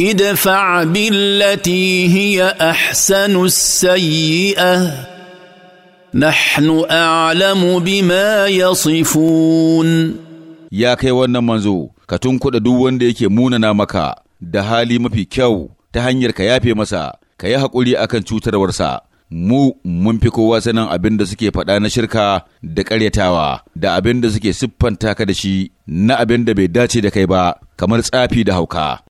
ادفع بالتي هي احسن السيئه نحن اعلم بما يصفون يا kai wannan manzo ka tunkuɗa duk wanda yake munana maka da hali mafi kyau ta hanyar ka yafe masa ka yi haƙuri akan cutarwarsa mu mun fi kowa sanin abin da suke faɗa na shirka da ƙaryatawa da abin da suke siffanta ka da shi na abin da bai dace da kai ba kamar tsafi da hauka